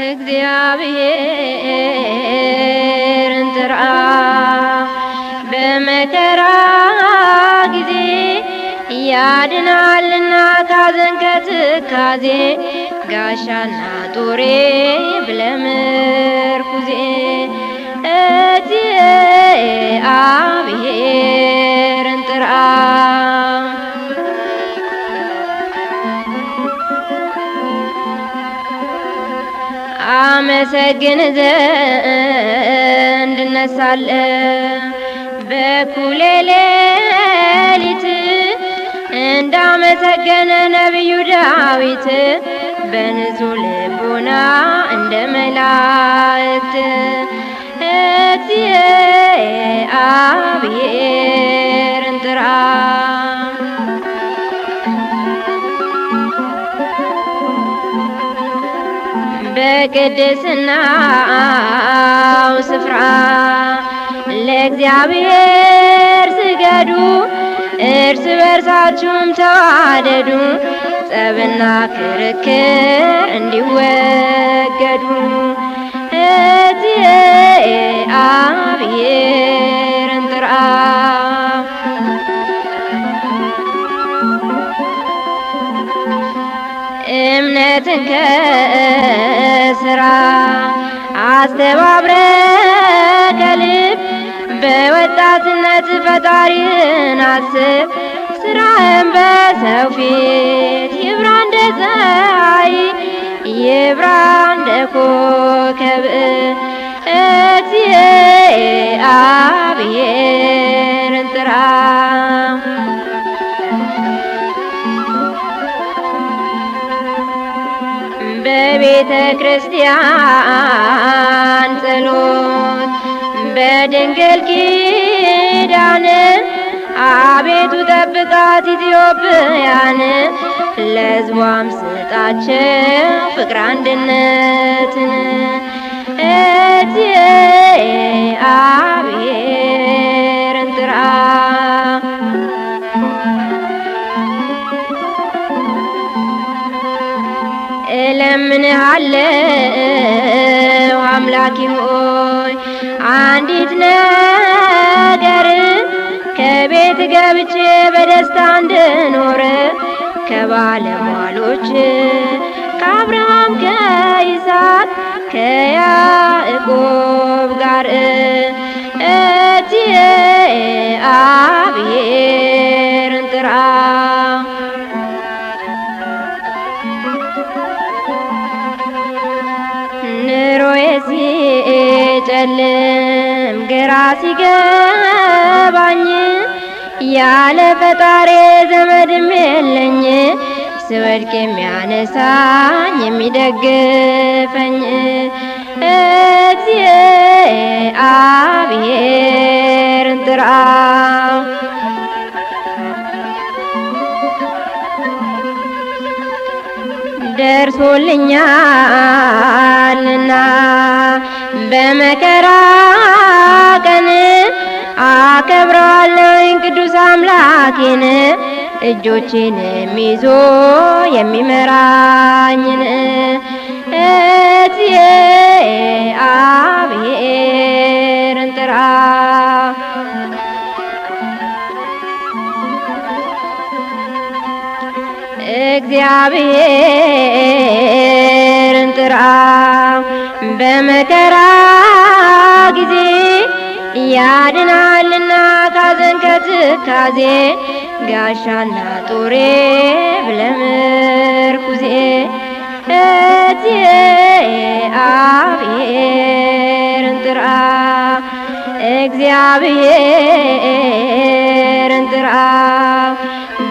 እግዚአብሔር እንጥራ በመከራ ጊዜ ያድናልና ካዘን ከትካዜ ጋሻና ጦሬ ብለምርኩዜ እዚአ አመሰግን ዘንድ እነሳለሁ በኩለ ሌሊት እንዳመሰገነ ነቢዩ ዳዊት በንጹሕ ልቦና እንደ መላእክት እግዚአብሔር የቅድስናው ስፍራ ለእግዚአብሔር ስገዱ፣ እርስ በርሳችሁም ተዋደዱ፣ ጸብና ክርክር እንዲወገዱ እትዬ ጥራ እውነትን ከስራ አስተባብረ ከልብ በወጣትነት ፈጣሪን አስብ። ስራህን በሰው ፊት ይብራ እንደ ፀሐይ ይብራ እንደ ኮከብ እግዚአብሔርን ጥራ በቤተ ክርስቲያን ጸሎት በድንግል ኪዳን አቤቱ ጠብቃት ኢትዮጵያን ለሕዝቧም ስጣቸው ፍቅር አንድነትን እለምንሃለው አምላኪ ሆይ አንዲት ነገር ከቤት ገብቼ በደስታ እንድኖር ከባለሟሎች ከአብርሃም ከይስሐቅ ከያዕቆብ ሲጨልም ግራ ሲገባኝ ያለ ፈጣሪ ዘመድም የለኝ ስወድቅ የሚያነሳኝ የሚደግፈኝ እግዚአብሔርን ጥራ ደርሶልኛልና በመከራ ቀን አከብረዋለሁኝ ቅዱስ አምላኬን እጆቼን ይዞ የሚመራኝን እግዚአብሔርን ጥራ እግዚአብሔርን ጥራ በመከራ ጊዜ ያድናልና ካዘን ከትካዜ ጋሻና ጦሬ ብለምርኩዜ እግዚአብሔርን ጥራ እግዚአብሔርን ጥራ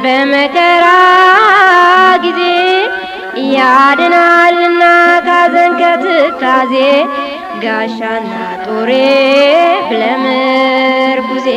በመከራ ጊዜ ያድናልና ካዘን ከትካዜ ጋሻና ጦሬ ብለምር ጉዜ